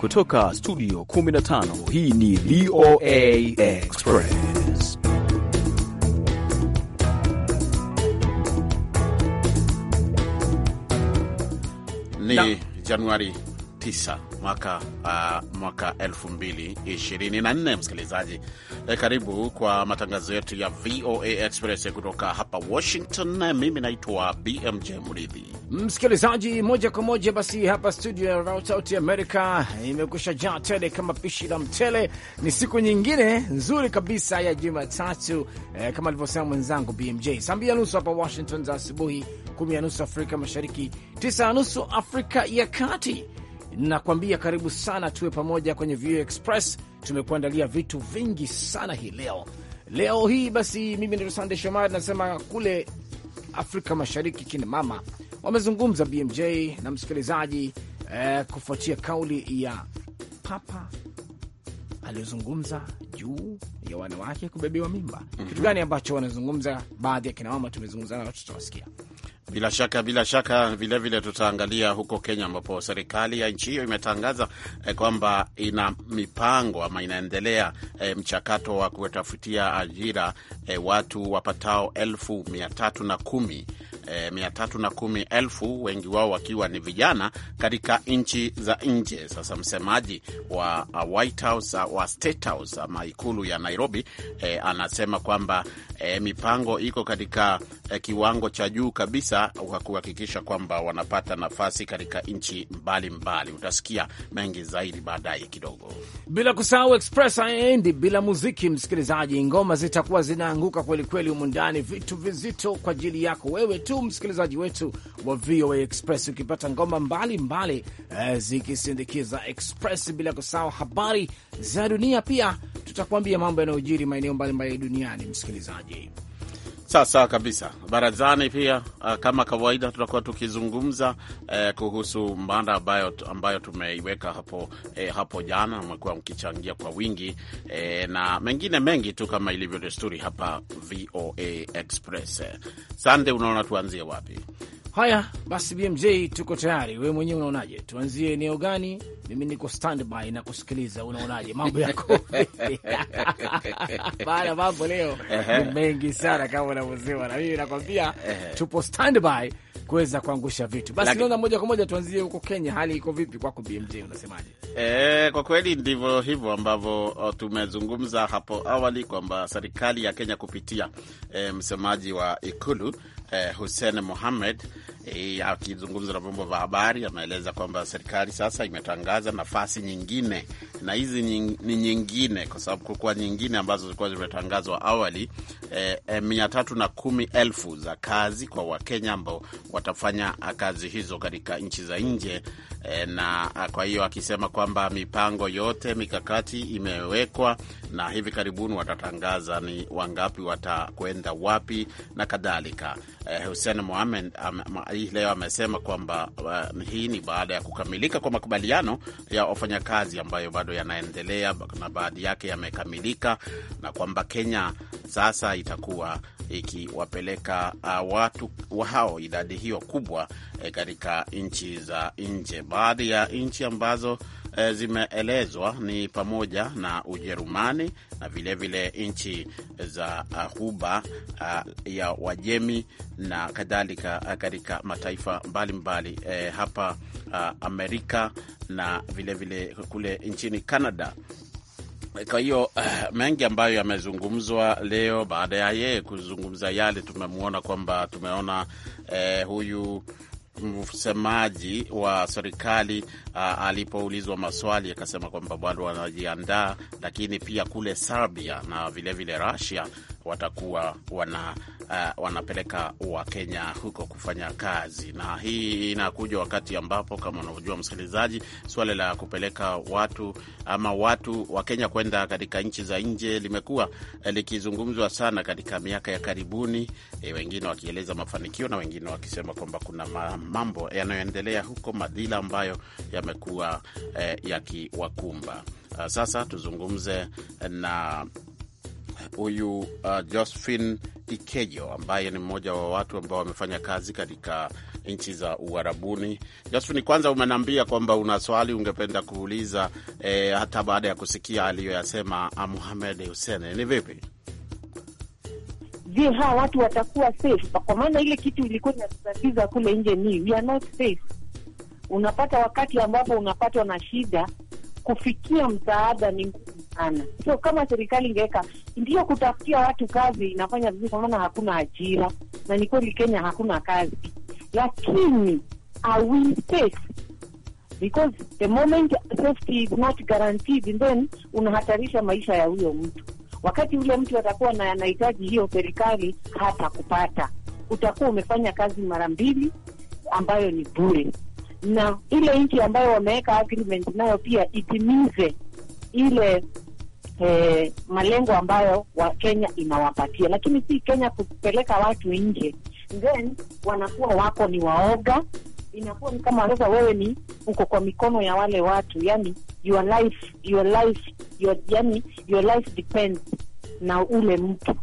Kutoka studio 15 hii ni VOA Express. Ni Januari 9 mwaka uh, mwaka 2024. Msikilizaji eh, karibu kwa matangazo yetu ya VOA Express kutoka hapa Washington. Mimi naitwa BMJ Muridhi. Msikilizaji, moja kwa moja basi hapa studio ya Sauti America imekusha jaa tele kama pishi la mtele. Ni siku nyingine nzuri kabisa ya Jumatatu eh, kama alivyosema mwenzangu BMJ, saa mbili nusu hapa Washington za asubuhi, kumi na nusu Afrika Mashariki, tisa na nusu Afrika ya Kati Nakwambia karibu sana, tuwe pamoja kwenye VOA Express. Tumekuandalia vitu vingi sana hii leo. Leo hii basi, mimi ndio Sande Shomari nasema kule Afrika Mashariki kina mama wamezungumza BMJ na msikilizaji eh, kufuatia kauli ya Papa aliyozungumza juu ya wanawake kubebewa mimba. mm -hmm. Kitu mhm. gani ambacho wanazungumza baadhi ya kinamama, tumezungumza nao, tutawasikia bila shaka bila shaka, vilevile tutaangalia huko Kenya ambapo serikali ya nchi hiyo imetangaza eh, kwamba ina mipango ama inaendelea eh, mchakato wa kuwatafutia ajira eh, watu wapatao elfu mia tatu na kumi e, mia wengi wao wakiwa ni vijana katika nchi za nje. Sasa msemaji wa uh, White House, uh, wa State House ama ikulu ya Nairobi eh, anasema kwamba eh, mipango iko katika eh, kiwango cha juu kabisa kwa kuhakikisha kwamba wanapata nafasi katika nchi mbalimbali. Utasikia mengi zaidi baadaye kidogo, bila kusahau Express haendi bila muziki. Msikilizaji, ngoma zitakuwa zinaanguka kwelikweli humu ndani, vitu vizito kwa ajili yako wewe tu msikilizaji wetu wa VOA Express, ukipata ngoma mbalimbali eh, zikisindikiza Express, bila kusahau habari za dunia. Pia tutakuambia mambo yanayojiri maeneo mbalimbali duniani, msikilizaji sawa kabisa. Barazani pia uh, kama kawaida tutakuwa tukizungumza uh, kuhusu mada ambayo, ambayo tumeiweka hapo, eh, hapo jana. Mmekuwa mkichangia kwa wingi eh, na mengine mengi tu kama ilivyo desturi hapa VOA Express. Sande, unaona tuanzie wapi? Haya basi, BMJ tuko tayari. Wewe mwenyewe unaonaje, tuanzie eneo gani? Mimi niko standby na kusikiliza. Unaonaje mambo yako? Bana, mambo leo ni mengi sana kama unavyosewa, na mimi nakwambia tupo standby kuweza kuangusha vitu. Basi naona moja kwa moja tuanzie huko Kenya, hali iko vipi kwako BMJ, unasemaje? E, kwa kweli ndivyo hivyo ambavyo tumezungumza hapo awali kwamba serikali ya Kenya kupitia e, msemaji wa Ikulu eh, Hussein Mohamed Eh, akizungumza na vyombo vya habari ameeleza kwamba serikali sasa imetangaza nafasi nyingine, na hizi ni nyingine kwa sababu kukuwa nyingine ambazo zilikuwa zimetangazwa awali e, e, mia tatu na kumi elfu za kazi kwa Wakenya ambao watafanya kazi hizo katika nchi za nje e, na ah, kwa hiyo akisema kwamba mipango yote mikakati imewekwa na hivi karibuni watatangaza ni wangapi watakwenda wapi na kadhalika. E, Hussein Mohamed hii leo amesema kwamba uh, hii ni baada ya kukamilika kwa makubaliano ya wafanyakazi ambayo bado yanaendelea na baadhi yake yamekamilika, na kwamba Kenya sasa itakuwa ikiwapeleka uh, watu hao idadi hiyo kubwa eh, katika eh, nchi za nje, baadhi ya nchi ambazo e, zimeelezwa ni pamoja na Ujerumani na vilevile nchi za Ghuba uh, eh, ya Wajemi na kadhalika eh, katika mataifa mbalimbali mbali, e, hapa uh, Amerika na vilevile vile kule nchini Canada. Kwa hiyo uh, mengi ambayo yamezungumzwa leo. Baada ya yeye kuzungumza yale, tumemwona kwamba tumeona uh, huyu msemaji wa serikali uh, alipoulizwa maswali akasema kwamba bado wanajiandaa, lakini pia kule Serbia na vilevile Russia watakuwa wana, uh, wanapeleka Wakenya huko kufanya kazi, na hii inakuja wakati ambapo kama unavyojua msikilizaji, suala la kupeleka watu ama watu Wakenya kwenda katika nchi za nje limekuwa eh, likizungumzwa sana katika miaka ya karibuni, e, wengine wakieleza mafanikio na wengine wakisema kwamba kuna mambo yanayoendelea huko, madhila ambayo yamekuwa eh, yakiwakumba. Ah, sasa tuzungumze na huyu uh, Josephine Ikejo ambaye ni mmoja wa watu ambao wamefanya kazi katika nchi za Uarabuni. Josephine, kwanza umeniambia kwamba una swali ungependa kuuliza eh, hata baada ya kusikia aliyoyasema Muhamed Hussein. Ni vipi? Je, hawa watu watakuwa safe? Kwa maana ile kitu ilikuwa inatutatiza kule nje ni we are not safe. Unapata wakati ambapo unapatwa na shida, kufikia msaada ni ngumu sana. So kama serikali ingeweka ndio kutafutia watu kazi inafanya vizuri, kwa maana hakuna ajira, na ni kweli Kenya hakuna kazi, lakini are we safe because the moment safety is not guaranteed, then unahatarisha maisha ya huyo mtu. Wakati ule mtu atakuwa na anahitaji hiyo, serikali hata kupata, utakuwa umefanya kazi mara mbili ambayo ni bure, na ile nchi ambayo wameweka agreement nayo pia itimize ile eh, malengo ambayo wa Kenya inawapatia, lakini si Kenya kupeleka watu nje, then wanakuwa wako ni waoga. Inakuwa ni kama sasa wewe ni uko kwa mikono ya wale watu, yani your life, your life, your, yani your life depends na ule mtu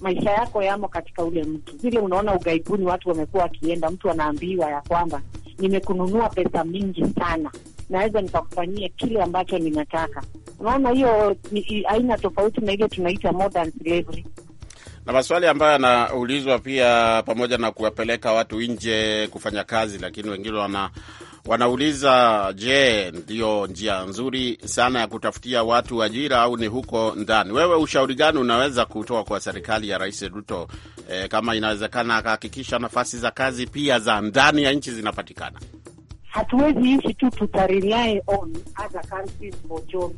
maisha yako yamo katika ule mtu. Vile unaona ugaibuni, watu wamekuwa wakienda, mtu anaambiwa ya kwamba nimekununua pesa mingi sana, naweza nikakufanyia kile ambacho ninataka. Unaona, hiyo ni aina tofauti na ile tunaita modern slavery na maswali ambayo yanaulizwa pia, pamoja na kuwapeleka watu nje kufanya kazi, lakini wengine wana Wanauliza, je, ndiyo njia nzuri sana ya kutafutia watu ajira au ni huko ndani? Wewe ushauri gani unaweza kutoa kwa serikali ya Rais Ruto e, kama inawezekana akahakikisha nafasi za kazi pia za ndani ya nchi zinapatikana? Hatuwezi nchi tu tutarely on other countries for jobs.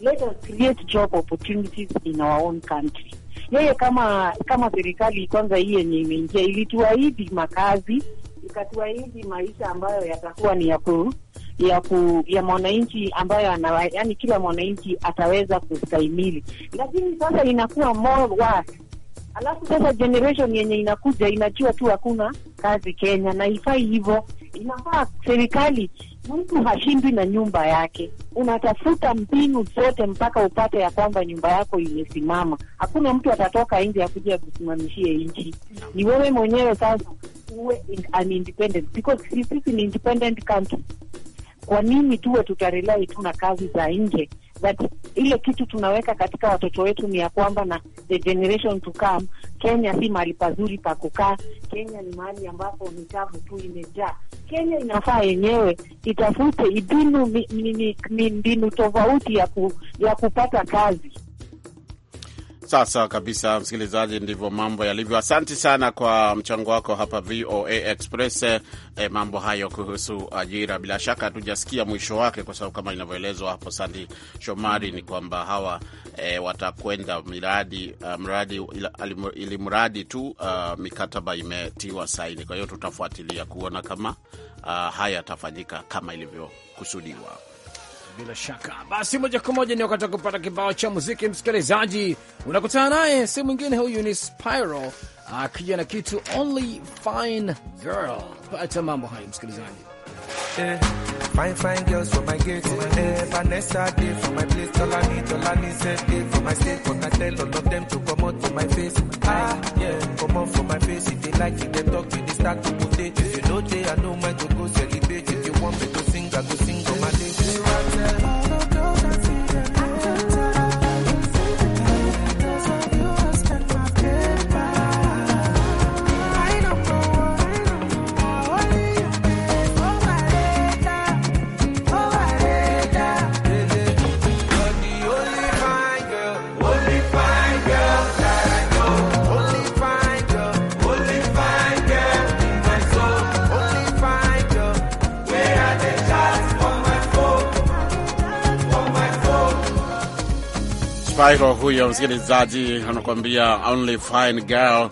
Let us create job opportunities in our own country. Yeye kama kama serikali kwanza hii yenye imeingia ilituahidi makazi hizi maisha ambayo yatakuwa ni ya ku, ya ku, ya mwananchi ambayo ana yani kila mwananchi ataweza kustahimili, lakini sasa inakuwa more worse. Alafu sasa generation yenye inakuja inajua tu hakuna kazi Kenya, na ifai hivyo. Inafaa serikali Mtu hashindwi na nyumba yake, unatafuta mbinu zote mpaka upate ya kwamba nyumba yako imesimama. Hakuna mtu atatoka nje akuja kusimamishie nchi, ni wewe mwenyewe sasa uwe an independent because sisi ni independent country. Kwa nini tuwe tutarelai tu na kazi za nje? but ile kitu tunaweka katika watoto wetu ni ya kwamba na the generation to come Kenya si mahali pazuri pa kukaa. Kenya ni mahali ambapo mitavu tu imejaa. Kenya inafaa yenyewe itafute mbinu tofauti ya, ku, ya kupata kazi sawa kabisa, msikilizaji, ndivyo mambo yalivyo. Asante sana kwa mchango wako hapa VOA Express. E, mambo hayo kuhusu ajira, bila shaka hatujasikia mwisho wake, kwa sababu kama inavyoelezwa hapo Sandi Shomari ni kwamba hawa e, watakwenda miradi uh, mradi ili mradi tu uh, mikataba imetiwa saini. Kwa hiyo tutafuatilia kuona kama uh, haya yatafanyika kama ilivyokusudiwa. bila shaka basi, moja kwa moja ni wakati wa kupata kibao cha muziki. Msikilizaji, unakutana naye, si mwingine huyu ni Spiral akija na kitu Only Fine Girl. Pata mambo hayo msikilizaji. Yeah. Fine, fine girls for my gate. Yeah. Vanessa day for my place. Tolani, Tolani said day for my state. But I tell all of them to come out for my face. Ah, yeah, come out for my face. If they like it, they talk to they start to put it. If you know they, I know my to go celebrate. If you want me to sing, I go sing on my day. You Everyone else. Michael huyo msikilizaji, anakuambia only fine girl.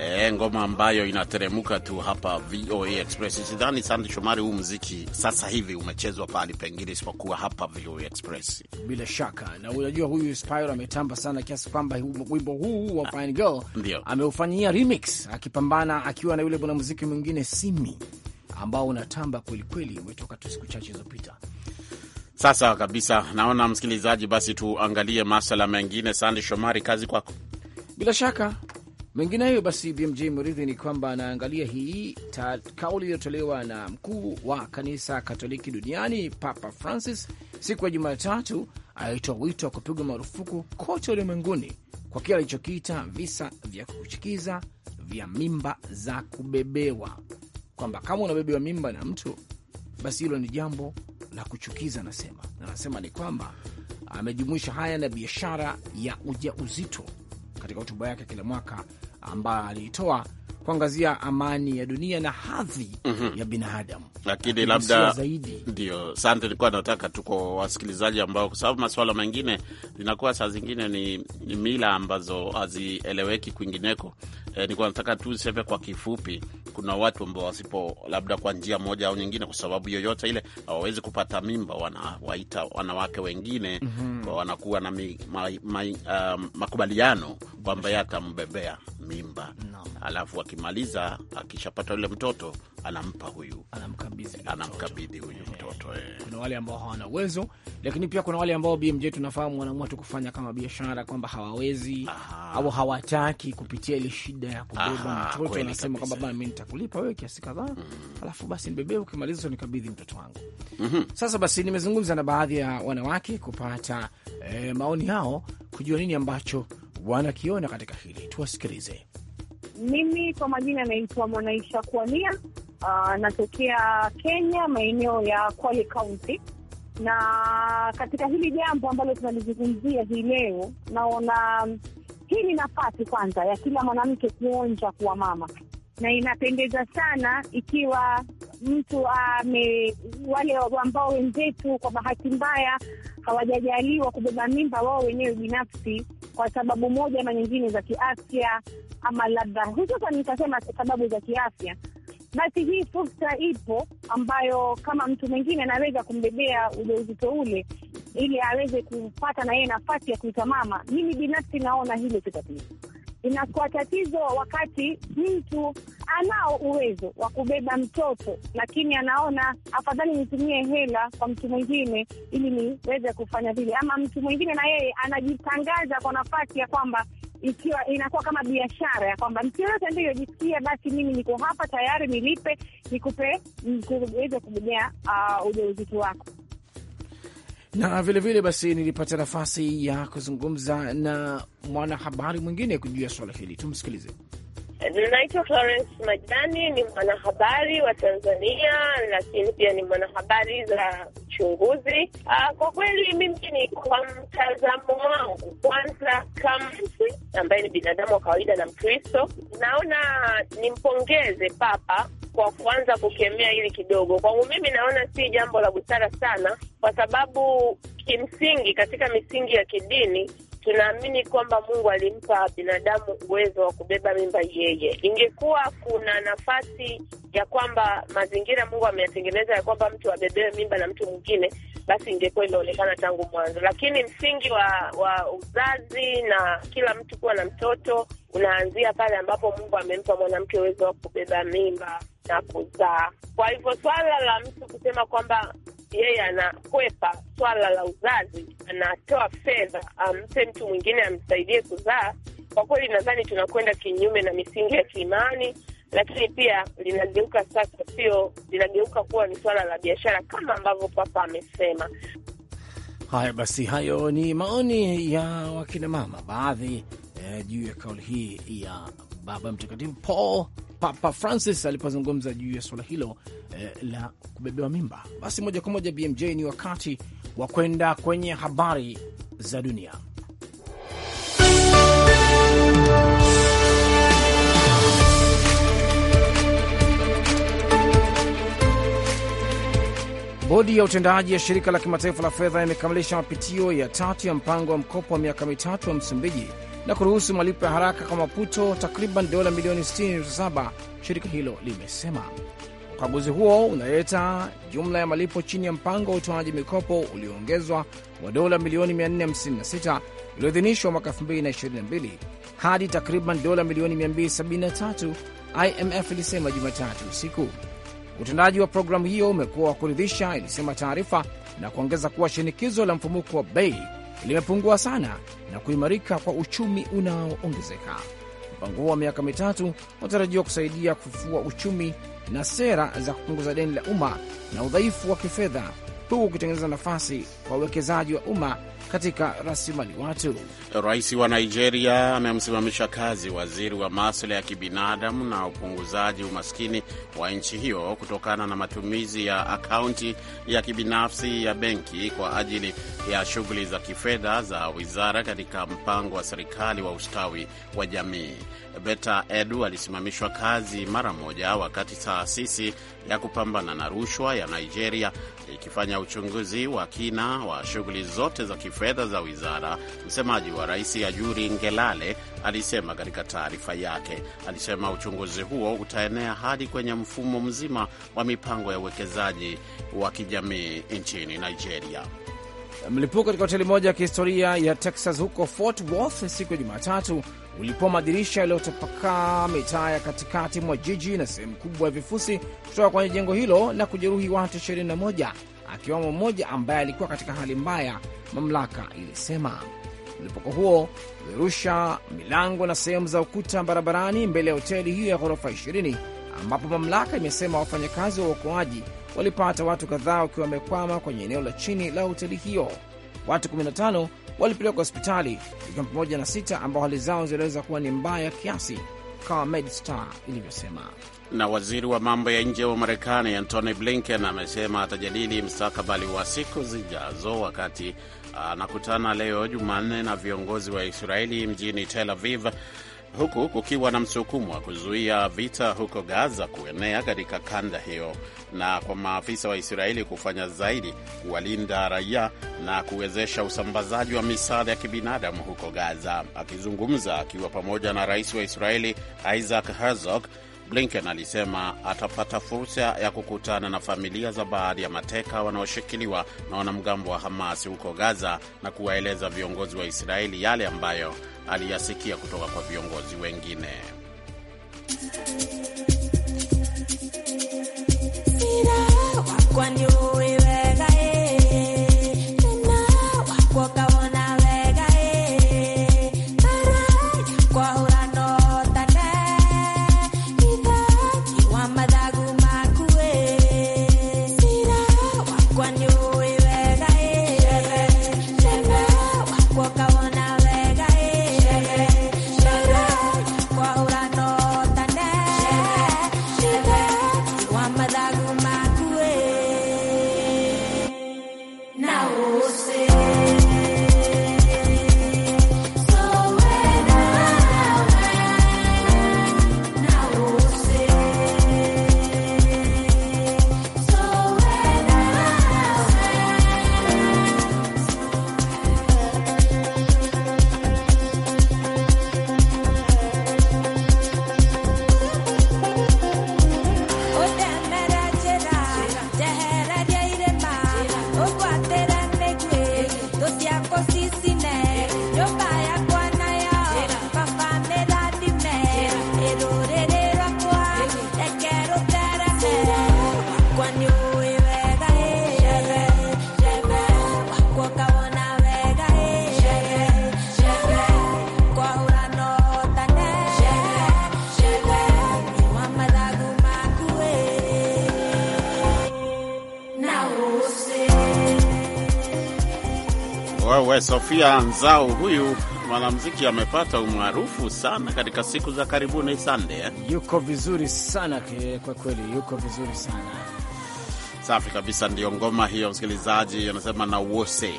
eh, ngoma ambayo inateremka tu hapa VOA Express. Sidhani Sande Shomari, huu mziki sasa hivi umechezwa pahali pengine isipokuwa hapa VOA Express, bila shaka. Na unajua huyu Spyro ametamba sana kiasi kwamba wimbo huu wa Fine Girl ameufanyia remix, akipambana akiwa na yule mwanamuziki mwingine Simi ambao unatamba kwelikweli, umetoka tu siku chache zilizopita. Sasa kabisa naona msikilizaji, basi tuangalie maswala mengine. Sande Shomari, kazi kwako. Bila shaka mengineyo, basi BMJ mridhi ni kwamba anaangalia hii kauli iliyotolewa na mkuu wa kanisa Katoliki duniani Papa Francis siku ya Jumatatu, alitoa wito wa kupigwa marufuku kote ulimwenguni kwa kile alichokiita visa vya kuchikiza vya mimba za kubebewa, kwamba kama unabebewa mimba na mtu, basi hilo ni jambo la kuchukiza, anasema anasema ni kwamba amejumuisha haya na biashara ya uja uzito katika hotuba yake kila mwaka ambayo aliitoa kuangazia amani ya dunia na hadhi mm -hmm. ya binadamu. Lakini labda ndio sante, nilikuwa nataka tuko wasikilizaji ambao, kwa sababu masuala mengine linakuwa saa zingine ni, ni mila ambazo hazieleweki kwingineko. E, nilikuwa nataka tu seve kwa kifupi kuna watu ambao wasipo, labda kwa njia moja au nyingine, kwa sababu yoyote ile, hawawezi kupata mimba, wanawaita wanawake wengine mm -hmm. Wanakuwa na mi, ma, ma, uh, um, makubaliano kwamba yatambebea mimba no. Alafu akimaliza akishapata yule mtoto anampa huyu, anamkabidhi huyu mtoto eh. eh. Kuna wale ambao hawana uwezo, lakini pia kuna wale ambao BMJ tunafahamu wanaamua tu kufanya kama biashara kwamba hawawezi au hawataki kupitia ile shida ya kubeba mtoto, anasema kwamba bana, mimi nitakulipa wewe kiasi kadhaa mm. Alafu basi nibebee, ukimaliza nikabidhi mtoto wangu mm -hmm. Sasa basi nimezungumza na baadhi ya wanawake kupata eh, maoni yao kujua nini ambacho wanakiona katika hili. Tuwasikilize. Mimi kwa majina naitwa Mwanaisha Kuania. Uh, ah, natokea Kenya, maeneo ya Kwale Kaunti, na katika hili jambo ambalo tunalizungumzia hii leo, naona hii ni nafasi kwanza ya kila mwanamke kuonja kuwa mama, na inapendeza sana ikiwa mtu ame, wale ambao wenzetu kwa bahati mbaya hawajajaliwa kubeba mimba wao wenyewe binafsi kwa sababu moja ama nyingine za kiafya, ama labda hususan nikasema sababu za kiafya, basi hii fursa ipo ambayo kama mtu mwingine anaweza kumbebea ujauzito ule ili aweze kupata na yeye nafasi ya kuita mama. Mimi binafsi naona hilo kitatizo inakuwa tatizo wakati mtu anao uwezo wa kubeba mtoto, lakini anaona afadhali nitumie hela kwa mtu mwingine ili niweze kufanya vile, ama mtu mwingine na yeye anajitangaza kwa nafasi ya kwamba ikiwa inakuwa kama biashara ya kwamba mtu yoyote ndiyojisikia, basi mimi niko hapa tayari, nilipe nikupe, niweze kubebea uh, ujauzito wako na vilevile vile basi, nilipata nafasi ya kuzungumza na mwanahabari mwingine kujua swala hili. Tumsikilize. Ninaitwa Florence Majani, ni mwanahabari wa Tanzania, lakini pia ni mwanahabari za uchunguzi. Ah, kwa kweli, mimi ni kwa mtazamo wangu, kwanza kama ambaye ni binadamu wa kawaida na Mkristo, naona nimpongeze Papa kwa kuanza kukemea hili kidogo. Kwangu mimi naona si jambo la busara sana, kwa sababu kimsingi, katika misingi ya kidini tunaamini kwamba Mungu alimpa binadamu uwezo wa kubeba mimba yeye. Ingekuwa kuna nafasi ya kwamba mazingira Mungu ameyatengeneza ya kwamba mtu abebewe mimba na mtu mwingine, basi ingekuwa imeonekana tangu mwanzo. Lakini msingi wa, wa uzazi na kila mtu kuwa na mtoto unaanzia pale ambapo Mungu amempa mwanamke uwezo wa kubeba mimba na kuzaa. Kwa hivyo swala la mtu kusema kwamba yeye anakwepa swala la uzazi, anatoa fedha ampe mtu mwingine amsaidie kuzaa, kwa kweli nadhani tunakwenda kinyume na misingi ya kiimani, lakini pia linageuka sasa, sio linageuka kuwa ni swala la biashara kama ambavyo Papa amesema. Haya basi, hayo ni maoni ya wakinamama baadhi eh, juu ya kauli hii ya Baba Mtakatifu Paul Papa Francis alipozungumza juu ya suala hilo eh, la kubebewa mimba. Basi moja kwa moja BMJ, ni wakati wa kwenda kwenye habari za dunia. Bodi ya utendaji ya shirika la kimataifa la fedha imekamilisha mapitio ya tatu ya mpango wa mkopo wa miaka mitatu wa Msumbiji na kuruhusu malipo ya haraka kwa Maputo, takriban dola milioni 67, shirika hilo limesema. Ukaguzi huo unaleta jumla ya malipo chini ya mpango wa utoaji mikopo ulioongezwa wa dola milioni 456 ulioidhinishwa mwaka 2022 hadi takriban dola milioni 273, IMF ilisema Jumatatu usiku. Utendaji wa programu hiyo umekuwa wa kuridhisha, ilisema taarifa, na kuongeza kuwa shinikizo la mfumuko wa bei limepungua sana na kuimarika kwa uchumi unaoongezeka. Mpango huo wa miaka mitatu unatarajiwa kusaidia kufufua uchumi na sera za kupunguza deni la umma na udhaifu wa kifedha, huku ukitengeneza nafasi kwa uwekezaji wa umma katika rasilimali watu. Rais wa Nigeria amemsimamisha kazi waziri wa maswala ya kibinadamu na upunguzaji umaskini wa nchi hiyo kutokana na matumizi ya akaunti ya kibinafsi ya benki kwa ajili ya shughuli za kifedha za wizara katika mpango wa serikali wa ustawi wa jamii. Beta Edu alisimamishwa kazi mara moja wakati taasisi ya kupambana na rushwa ya Nigeria ikifanya uchunguzi wa kina wa shughuli zote za kifedha fedha za wizara. Msemaji wa rais Ajuri Ngelale alisema katika taarifa yake, alisema uchunguzi huo utaenea hadi kwenye mfumo mzima wa mipango ya uwekezaji wa kijamii nchini Nigeria. Mlipuko katika hoteli moja ya kihistoria ya Texas huko Fort Worth siku ya Jumatatu ulipoa madirisha yaliyotapakaa mitaa ya katikati mwa jiji na sehemu kubwa ya vifusi kutoka kwenye jengo hilo na kujeruhi watu 21 akiwamo mmoja ambaye alikuwa katika hali mbaya, mamlaka ilisema. Mlipuko huo ulirusha milango na sehemu za ukuta barabarani mbele ya hoteli hiyo ya ghorofa 20 ambapo mamlaka imesema wafanyakazi wa uokoaji walipata watu kadhaa wakiwa wamekwama kwenye eneo la chini la hoteli hiyo. Watu 15 walipelekwa hospitali ikiwa pamoja na sita ambao hali zao ziliweza kuwa ni mbaya kiasi, kama MedStar ilivyosema. Na waziri wa mambo ya nje wa Marekani Antony Blinken amesema atajadili mstakabali wa siku zijazo wakati anakutana leo Jumanne na viongozi wa Israeli mjini Tel Aviv, huku kukiwa na msukumo wa kuzuia vita huko Gaza kuenea katika kanda hiyo na kwa maafisa wa Israeli kufanya zaidi kuwalinda raia na kuwezesha usambazaji wa misaada ya kibinadamu huko Gaza. Akizungumza akiwa pamoja na rais wa Israeli Isaac Herzog Blinken alisema atapata fursa ya kukutana na familia za baadhi ya mateka wanaoshikiliwa na wanamgambo wa Hamas huko Gaza na kuwaeleza viongozi wa Israeli yale ambayo aliyasikia kutoka kwa viongozi wengine. Sira, Wewe Sofia Nzau, huyu mwanamuziki amepata umaarufu sana katika siku za karibuni. Sande eh? Yuko vizuri sana kwa kweli, yuko vizuri sana. Safi kabisa, ndiyo ngoma hiyo, msikilizaji. Anasema na wose Ye,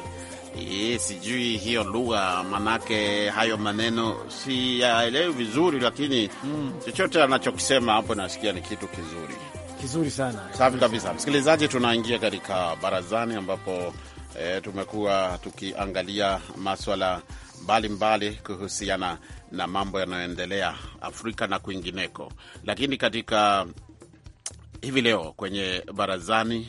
ee, sijui hiyo lugha manake, hayo maneno siyaelewi vizuri, lakini mm, chochote anachokisema hapo nasikia ni kitu kizuri, kizuri sana. Safi kabisa, msikilizaji, tunaingia katika barazani ambapo e, tumekuwa tukiangalia maswala mbalimbali kuhusiana na mambo yanayoendelea Afrika na kwingineko, lakini katika hivi leo kwenye barazani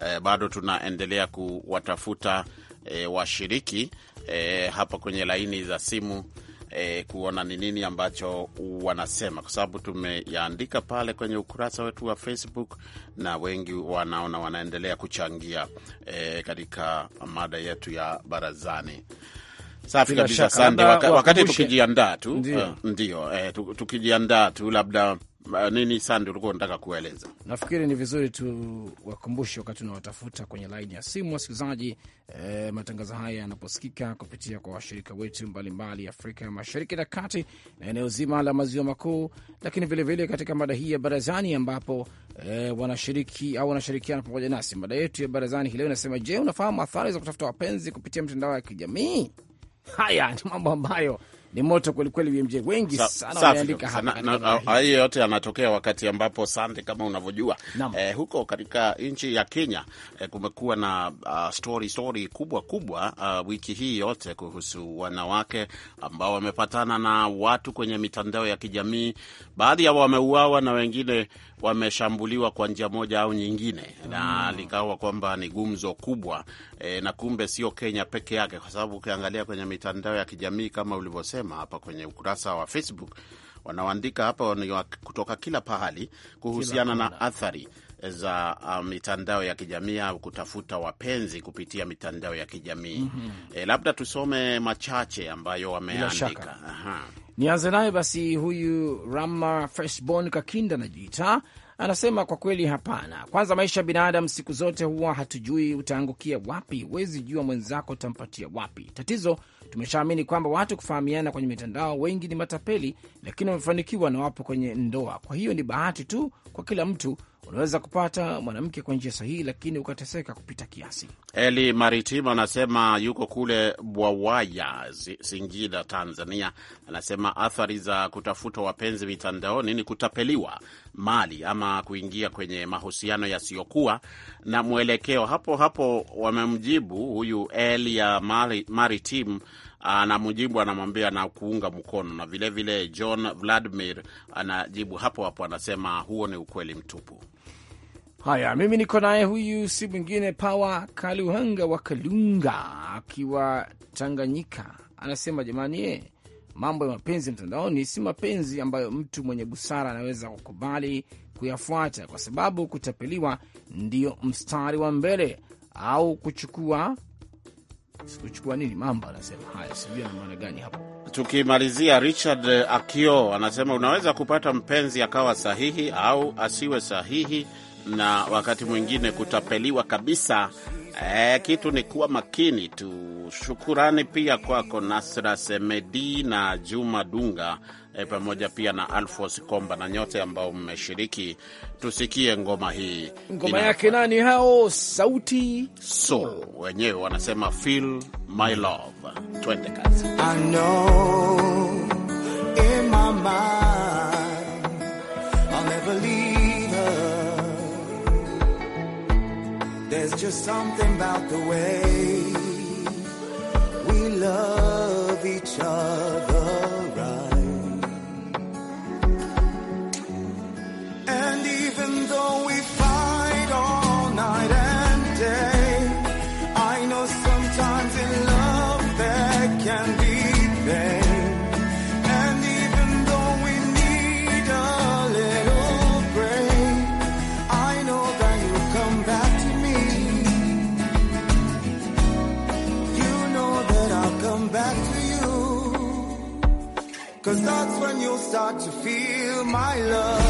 e, bado tunaendelea kuwatafuta e, washiriki e, hapa kwenye laini za simu eh, kuona ni nini ambacho wanasema, kwa sababu tumeyaandika pale kwenye ukurasa wetu wa Facebook na wengi wanaona wanaendelea kuchangia eh, katika mada yetu ya barazani. Safi kabisa, asante. Wakati tukijiandaa tu, ndio, uh, ndio eh, tukijiandaa tu labda nini Sandi, ulikuwa unataka kueleza? Nafikiri ni vizuri tu wakumbushe wakati unawatafuta kwenye laini ya simu wasikilizaji, e, matangazo haya yanaposikika kupitia kwa washirika wetu mbalimbali Afrika Mashariki na Kati na eneo zima la Maziwa Makuu, lakini vilevile katika mada hii ya barazani ambapo e, wanashiriki au wanashirikiana pamoja nasi. Mada yetu ya barazani hii leo inasema, je, unafahamu athari za kutafuta wapenzi kupitia mtandao ya kijamii? Haya ni mambo ambayo ni moto kwelikweli, BMJ wengi sana wameandika hapa. Hayo yote yanatokea wakati ambapo sande, kama unavyojua eh, huko katika nchi ya Kenya eh, kumekuwa na uh, story, story kubwa kubwa uh, wiki hii yote kuhusu wanawake ambao wamepatana na watu kwenye mitandao ya kijamii. Baadhi yao wameuawa na wengine wameshambuliwa kwa njia moja au nyingine, mm. na likawa kwamba ni gumzo kubwa eh, na kumbe sio Kenya peke yake, kwa sababu ukiangalia kwenye mitandao ya kijamii kama ulivyosema wanasema hapa kwenye ukurasa wa Facebook, wanaoandika hapa ni kutoka kila pahali kuhusiana kila na athari za uh, mitandao ya kijamii au kutafuta wapenzi kupitia mitandao ya kijamii mm -hmm. E, labda tusome machache ambayo wameandika. Nianze naye basi, huyu Rama Freshbon Kakinda anajiita Anasema kwa kweli hapana. Kwanza, maisha ya binadamu siku zote huwa hatujui utaangukia wapi, huwezi jua mwenzako utampatia wapi. Tatizo tumeshaamini kwamba watu kufahamiana kwenye mitandao, wengi ni matapeli, lakini wamefanikiwa na wapo kwenye ndoa. Kwa hiyo ni bahati tu kwa kila mtu unaweza kupata mwanamke kwa njia sahihi, lakini ukateseka kupita kiasi. Eli Maritima anasema yuko kule Bwawaya, Singida, Tanzania. Anasema athari za kutafuta wapenzi mitandaoni ni kutapeliwa mali ama kuingia kwenye mahusiano yasiyokuwa na mwelekeo. Hapo hapo wamemjibu huyu Eli ya Maritim mari anamjibu anamwambia na kuunga mkono, na vilevile vile John Vladimir anajibu hapo hapo, anasema huo ni ukweli mtupu. Haya, mimi niko naye huyu, si mwingine Pawa Kaluhanga wa Kalunga akiwa Tanganyika, anasema jamani, ye eh, mambo ya mapenzi mtandaoni si mapenzi ambayo mtu mwenye busara anaweza kukubali kuyafuata, kwa sababu kutapeliwa ndio mstari wa mbele au kuchukua sikuchukua nini mambo, anasema haya, sijui ana maana gani hapo. Tukimalizia, Richard eh, Akio anasema unaweza kupata mpenzi akawa sahihi au asiwe sahihi, na wakati mwingine kutapeliwa kabisa E, kitu ni kuwa makini tu. Shukurani pia kwako Nasra Semedi na Juma Dunga e, pamoja pia na Alfos Komba na nyote ambao mmeshiriki. Tusikie ngoma hii, ngoma yake nani hao? Sauti so wenyewe wanasema feel my love. Twende kazi. I know in my mind. just something about the way we love each other. start to feel my love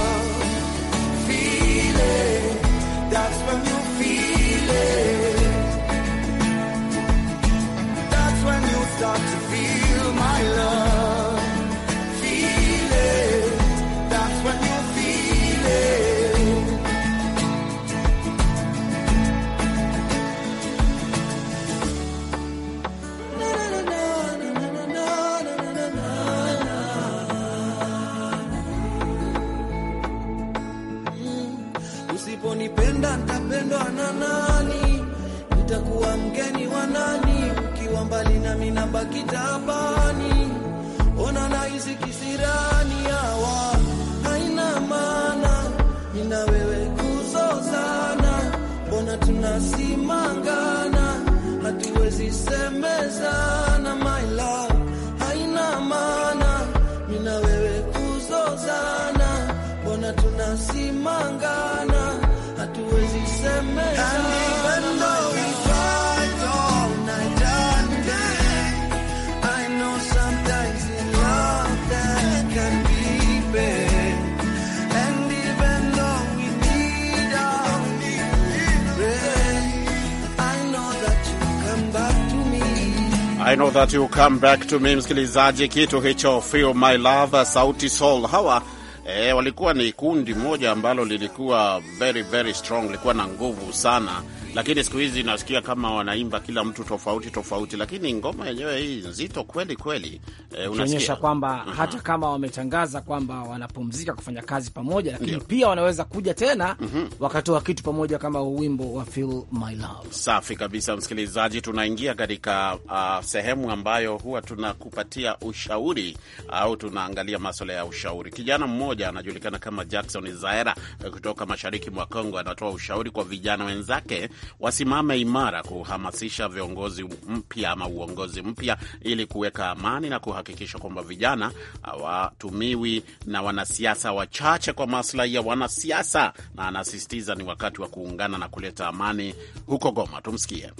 I know that you come back to me, msikilizaji. Kitu hicho feel my love, sauti soul. Hawa eh, walikuwa ni kundi moja ambalo lilikuwa very very strong, lilikuwa na nguvu sana lakini siku hizi nasikia kama wanaimba kila mtu tofauti tofauti, lakini ngoma yenyewe hii nzito kweli kweli, eh, unaonyesha kwamba uh mhm. -huh. hata kama wametangaza kwamba wanapumzika kufanya kazi pamoja, lakini Ndiyo. pia wanaweza kuja tena uh mhm. -huh. wakatoa kitu pamoja kama wimbo wa Feel My Love. Safi kabisa, msikilizaji, tunaingia katika uh, sehemu ambayo huwa tunakupatia ushauri au tunaangalia maswala ya ushauri. Kijana mmoja anajulikana kama Jackson Zaera eh, kutoka mashariki mwa Kongo anatoa ushauri kwa vijana wenzake wasimame imara kuhamasisha viongozi mpya ama uongozi mpya ili kuweka amani na kuhakikisha kwamba vijana hawatumiwi na wanasiasa wachache kwa maslahi ya wanasiasa, na anasisitiza ni wakati wa kuungana na kuleta amani huko Goma. Tumsikie.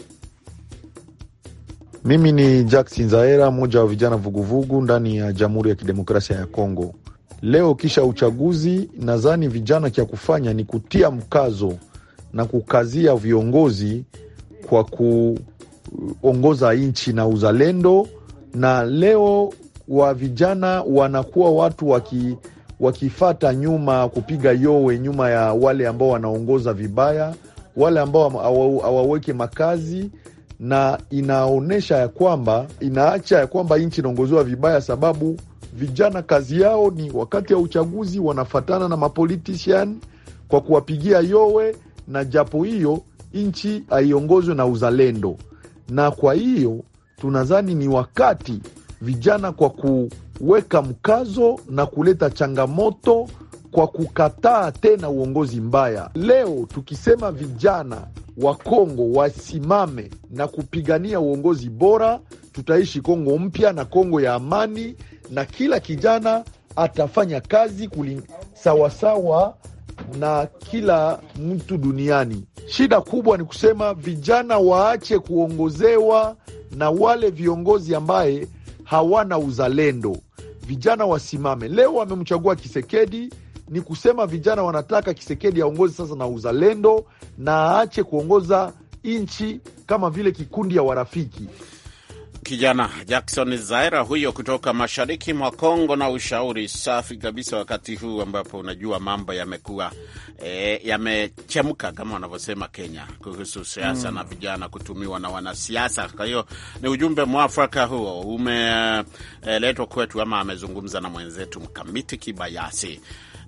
Mimi ni Jackson Zaera, mmoja wa vijana vuguvugu ndani ya Jamhuri ya Kidemokrasia ya Kongo. Leo kisha uchaguzi, nadhani vijana kya kufanya ni kutia mkazo na kukazia viongozi kwa kuongoza nchi na uzalendo. Na leo wa vijana wanakuwa watu waki, wakifata nyuma kupiga yowe nyuma ya wale ambao wanaongoza vibaya, wale ambao hawaweke makazi na inaonyesha ya kwamba inaacha ya kwamba nchi inaongoziwa vibaya, sababu vijana kazi yao ni wakati ya uchaguzi wanafatana na mapolitician kwa kuwapigia yowe na japo hiyo nchi haiongozwe na uzalendo, na kwa hiyo tunadhani ni wakati vijana kwa kuweka mkazo na kuleta changamoto kwa kukataa tena uongozi mbaya. Leo tukisema vijana wa Kongo wasimame na kupigania uongozi bora, tutaishi Kongo mpya na Kongo ya amani, na kila kijana atafanya kazi kuli sawasawa na kila mtu duniani. Shida kubwa ni kusema vijana waache kuongozewa na wale viongozi ambaye hawana uzalendo. Vijana wasimame. Leo wamemchagua Kisekedi, ni kusema vijana wanataka Kisekedi aongoze sasa na uzalendo, na aache kuongoza nchi kama vile kikundi ya warafiki kijana Jackson Zaira huyo kutoka mashariki mwa Kongo, na ushauri safi kabisa wakati huu ambapo unajua mambo yamekuwa e, yamechemka kama wanavyosema Kenya kuhusu siasa mm, na vijana kutumiwa na wanasiasa. Kwa hiyo ni ujumbe mwafaka huo umeletwa e, kwetu, ama amezungumza na mwenzetu Mkamiti Kibayasi.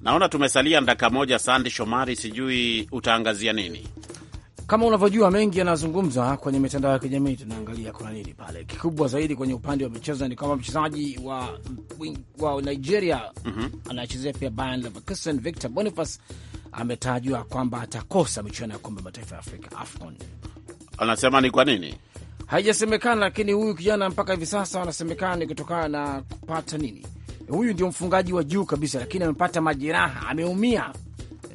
Naona tumesalia ndaka moja. Sandi Shomari, sijui utaangazia nini? Kama unavyojua mengi yanazungumzwa kwenye mitandao ya kijamii, tunaangalia kuna nini pale. Kikubwa zaidi kwenye upande wa michezo ni kwamba mchezaji wa, wa Nigeria mm -hmm. anayechezea pia Bayer Leverkusen Victor Boniface ametajwa kwamba atakosa michuano ya kombe mataifa ya Afrika, AFCON. Anasema ni kwa nini haijasemekana, lakini huyu kijana mpaka hivi sasa anasemekana ni kutokana na kupata nini. Huyu ndio mfungaji wa juu kabisa, lakini amepata majeraha, ameumia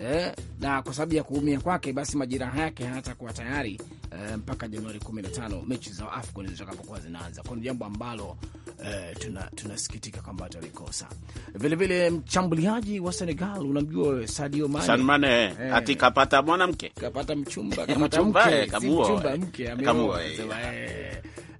eh, na kwa sababu ya kuumia kwake, basi majeraha yake hayatakuwa tayari eh, mpaka Januari 15 mechi za AFCON zitakapokuwa zinaanza. Kwa jambo ambalo eh, tunasikitika tuna kwamba atalikosa. Vilevile mshambuliaji wa Senegal unamjua Sadio Mane, Sadio Mane eh, ati kapata mwanamke, kapata mchumba, kapata mke, si mchumba mke, ameoa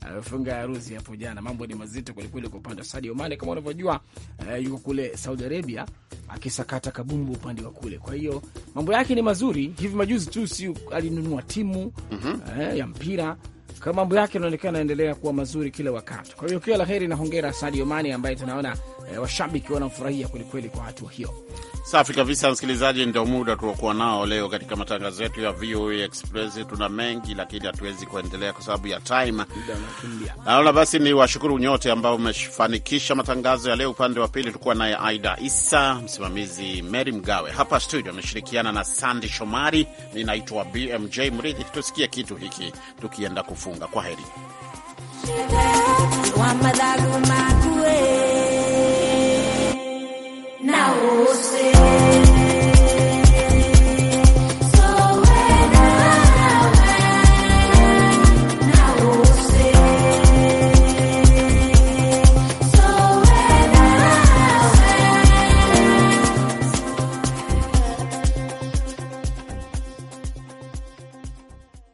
amefunga harusi hapo jana. Mambo ni mazito kwelikweli kwa upande wa Sadio Mane, kama unavyojua uh, yuko kule Saudi Arabia akisakata kabumbu upande wa kule. Kwa hiyo mambo yake ni mazuri. Hivi majuzi tu si alinunua timu mm -hmm. uh, ya mpira kama mambo yake yanaonekana yanaendelea kuwa mazuri kila wakati. Kwa hiyo kila la heri na hongera Sadio Mane ambaye tunaona eh, washabiki wanafurahia kwelikweli kwa hatua hiyo. Safi kabisa, msikilizaji, ndio muda tuokuwa nao leo katika matangazo yetu ya VOA Express. Tuna mengi lakini hatuwezi kuendelea kwa sababu ya time. Naona basi ni washukuru nyote ambao umefanikisha matangazo ya leo. Upande wa pili tulikuwa naye Aida Isa, msimamizi Mary Mgawe, hapa studio ameshirikiana na Sandi Shomari. Ninaitwa BMJ Mridhi, tusikie kitu hiki tukienda kufunga. Kwa heri. na oceana.